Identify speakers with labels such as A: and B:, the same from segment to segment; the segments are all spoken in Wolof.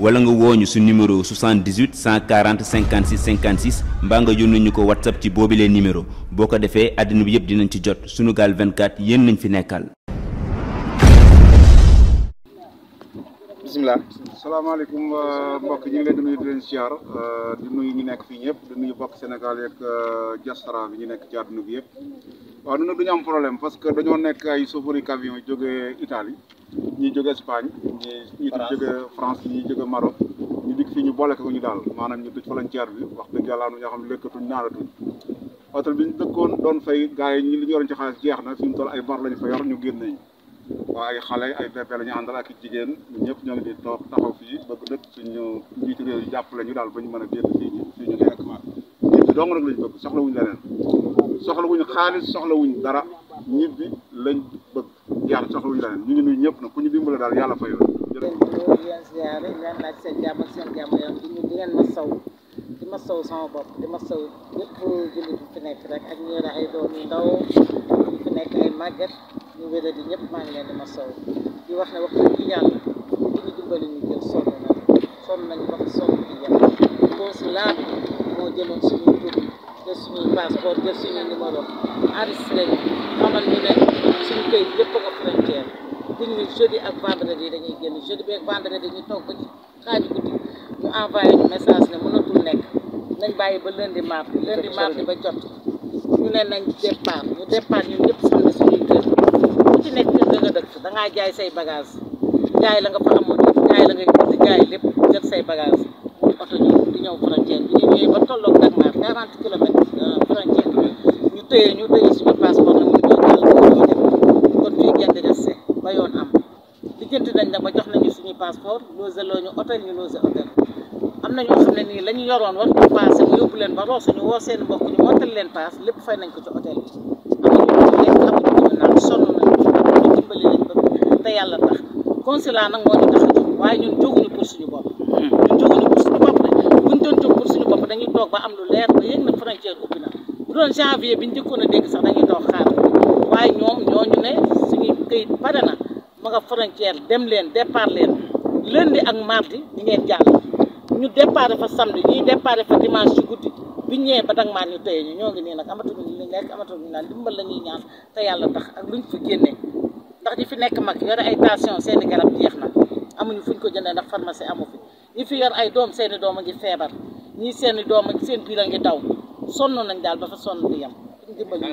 A: wala nga wooñu su numéro 78 140 56 56 mbaa nga yónnee ñu ko whatsapp ci boobilee numéro boo ko defee àddina bi yëpp dinañ ci jot Sunugal 24 yéen nañ fi nekkal.
B: bisimilah. salaamaaleykum euh, mbokk ñu ñu euh, nekk fii ñëpp di nuyu bokk Sénégal yeeg euh, diaspora bi ñu nekk ci àdduna bi yëpp waaw ñun a du ñu am problème parce que dañoo nekk ay chauffeurs camion jógee Italie. ñi jóge Espagne ñi ñi jóge France ñi jóge Maroc ñu dikk fii ñu boole ko ñu daal maanaam ñu tëj frontière bi wax dëgg yàlla am na ñoo xam ne lekkatuñ naanatuñ hôtel bi ñu dëkkoon doon fay gars yi ñi li ñu yoroon ci xaalis jeex na suñu toll ay bar lañu fa yor ñu génn nañu waaw ay xale ay bébé la ñu àndal ak jigéen ñëpp ñoo ngi di toog taxaw fii bëgg dëkk suñu njiitu réew daal ba ñu mën a génn fii ñu fii ñu nekk ma ñib bi dong nag lañu bëgg soxla wuñ leneen soxla wuñ xaalis soxla wuñ dara ñibbi lañ jaar soxlawuñu la ñu ngi nuyu ñëpp nag ku ñu dimbale daal yàlla fay la jërëjëf
C: leen ziare leen laaj seen jàmm ak seen jàmm yoon di ñu di leen ma saw di ma saw sama bopp di ma saw ñëpp jullit fi nekk rek ak ñu yore ay doom yu ndaw ñu fi nekk ay màgget ñu wéra di ñëpp maa ngi leen di ma saw di wax ne wax dëgg yàlla di ñu dimbale ñu jël sonn na sonn nañu wax sonn bi yàlla cause là moo jëloon suñu tur jël suñuy passeport jël suñuy numéro enregistré ñu xamal ñu ne suñu këyit lépp nga frontière diñ ñu jeudi ak vendredi dañuy génn jeudi bi ak vendredi ñu toog ba ci xaaju guddi ñu envoyé ñu message ne mënatul nekk nañ bàyyi ba lundi mardi lundi mardi ba jot ñu ne nañ départ ñu départ ñun ñëpp xam ne suñuy kër ku ci nekk kër da nga dëkk dangaa jaay say bagage jaay la nga fa amoon jaay la nga jaay lépp jël say bagage oto ñu di ñëw frontière bi ñu ñëwee ba tolloog nag 40 kilomètres euh, frontière ñu téye ñu téye suñu passeport nag ñu doon daal ko ñu dem kon nañ nag suñu passeport logé loo ñu hôtel ñu logé hôtel na ne nii la ñu yoroon leen woo seen mbokk ñu leen paas lépp fay nañ ko ci hôtel bi amuñu lekk amuñu naan moo tax a jóg waaye ñun jóguñu pour suñu bopp hmm. ñun jóguñu pour buñ doon jóg pour suñu bopp dañuy toog ba am lu leer ba yéeg na frontière ubbi na bu doon janvier bi njëkkoon a dégg sax dañuy toog xaar waaye ñoom ñooñu ne suñuy këyit pare na ma nga frontière dem leen départ leen lundi ak mardi di ngeen jàll ñu départ fa samedi ñuy départ fa dimanche ci guddi bi ñëwee ba dag maan ñu tëye ñu ñoo ngi nii nag amatuñu ñu lekk amatuñu naan dimbal la ñaan te yàlla tax ak luñ fi génnee ndax ñi fi nekk mag yore ay tension seeni garab jeex na ñi fi yor ay doom seeni doom a ngi feebar ñi seeni doom ak seen biir a ngi daw sonn nañ daal ba fa sonn di yem dimbali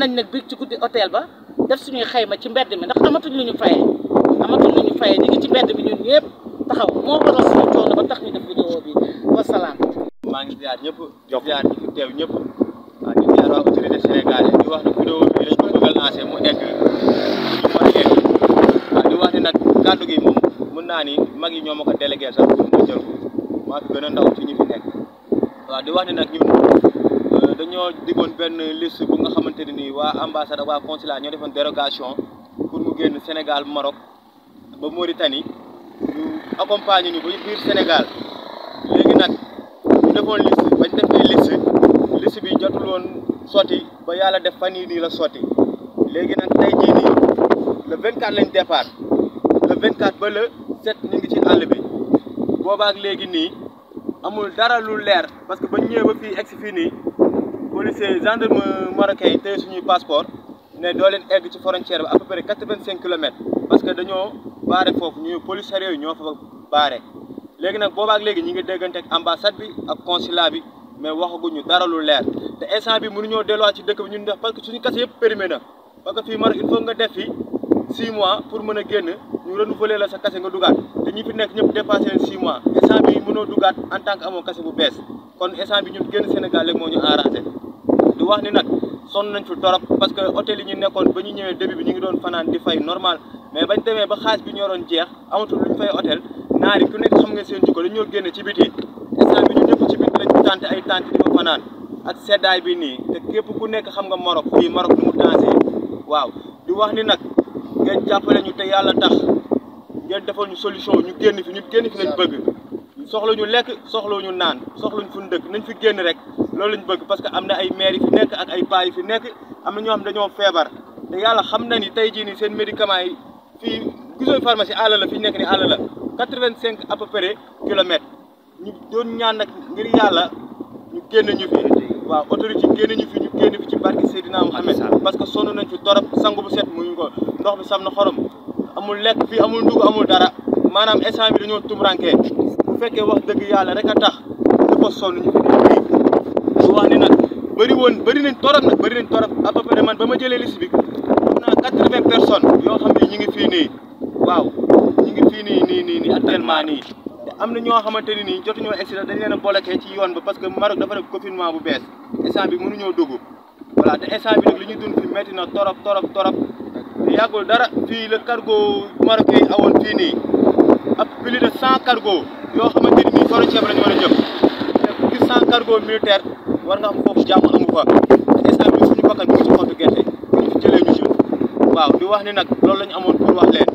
C: nañ nag biig ci guddi hôtel ba def suñuy ma ci mbedd mi ndax amatuñ lu ñu fayee amatuñ ñu fayee ñu ngi ci mbedd bi ñun ñëpp taxaw moo waral suñu coono ba tax ñu def vidéo bi wa maa ngi ziar ñëpp di ziar
D: ñi fi teew ñëpp waaw di ziar waa autorité sénégalais di wax ne vidéo bi lañ ko bëgg a mu nekk naa ni mag ñoo ma ko délégué sax ko maa fi gën a ndaw ci ñi nekk waaw di wax ne nag ñun euh, dañoo diggoon benn liste bu nga xamante ne nii waa ambassade waa consulat ñoo defoon dérogation pour mu génn Sénégal Maroc ba Mauritanie ñu accompagner ñu ba biir Sénégal léegi nag ñu defoon liste bañ defee liste bi jotul woon sotti ba yàlla def fa yii nii la sotti léegi nag tey jii nii le 24 lañ départ le 24 ba le set ñu ngi ci àll bi boobaak léegi nii amul dara lu leer parce que ba ñëwee ba fii egg fii nii policier gendarme marocain yi tey suñuy passeport ne doo leen egg ci frontière bi à quatre-vingt-cinq kilomètres parce que dañoo baare foofu ñu policiers yooyu ñoo fa baare léegi nag boobaak léegi ñu ngi déggante ak ambassade bi ak consulat bi mais waxaguñu dara lu leer te instant bi mënuñoo delluwaat ci dëkk bi ñun def parce que suñu kase yëpp périmé na parce que fii nga def fi six mois pour mën a génn ñu renouveler la sa nga dugaat te ñi fi nekk ñëpp dépassé leen 6 mois instant bi mënoo dugaat en tant que amoo kase bu bees kon nañ fi torop parce que hôtel yi ñu nekkoon ba ñu ñëwee début bi ñu ngi doon fanaan di fay normal mais bañ demee ba xaalis bi ñoroon jeex amatul lu ñu fay hôtel naar yi ku nekk xam nga seen jikko dañoo génn ci biti instant bi ñu ñëpp ci biti lañu tante ay tante di fanaan ak seddaay bi nii te képp ku nekk xam nga Maroc fii Maroc nu mu dansé waaw di wax ni nag ngeen jàppale ñu te yàlla tax ngeen defal ñu solution
A: ñu génn fi ñu génn fi lañ bëgg soxla ñu lekk soxla ñu naan soxla ñu fu ñu dëkk nañ fi génn rek loolu lañ bëgg parce que am na ay maire yi fi nekk ak
D: ay paa yi fi nekk am na ñoo xam ne dañoo feebar te yàlla xam na ni tey jii nii seen médicaments yi fii gisooy pharmacie àll la fi nekk ni àll la quatre vingt cinq à peu kilomètres ñu doon ñaan nag ngir yàlla ñu génn ñu fi waaw autorité génn ñu fi ñu génn fi ci barke Seydina Muhammad parce que sonn nañ fi torop sangu bu set muñu ko ndox bi sam na xorom mu lekk fii amul ndugg amul dara maanaam instant bi dañoo tumurankee bu fekkee wax dëgg yàlla rek a tax dafa sonn ñu fi wax ni nag bëri woon bëri nañ torop nag bëri nañ torop à peu man ba ma jëlee liste bi am naa quatre-vingts yoo xam ne ñu ngi fii nii waaw ñu ngi fii nii nii nii nii actuellement nii am na ñoo xamante ni nii jotuñoo accident dañ leen a bloqué ci yoon ba parce que Maroc dafa def confinement bu bees instant bi mënuñoo dugg voilà te instant bi nag ñu dund fi métti na torop torop yàggul dara fii la cargo yoo xamante ni soro ceeb lañ mën jëm militaire war nga xam foofu jàmm amu suñu bakkan bi ngi si gerte waaw di wax ni nag loolu la amoon pour wax leen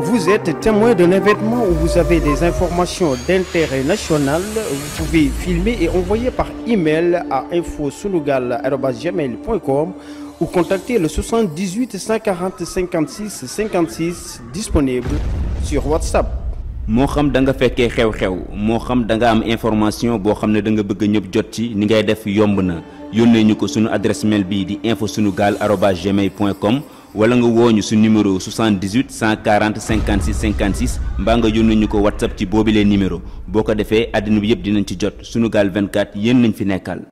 D: Vous êtes témoin d'un événement ou vous avez des informations d'intérêt national, vous pouvez filmer et envoyer par email à infosunugal@gmail.com ou contacter le 78 140 56 56 disponible sur WhatsApp.
A: moo xam da nga fekkee xew-xew moo xam da nga am information boo xam ne da nga bëgg ñëpp jot ci ni ngay def yomb na yónnee ñu ko suñu adresse mail bii di info sunu gaal arobase gmail point com wala nga woo ñu su numéro 78 140 56 56 mbaa nga yónnee ñu ko WhatsApp ci boobile numéro boo ko defee àddina bi yëpp dinañ ci jot sunu gaal 24 yéen nañ fi nekkaal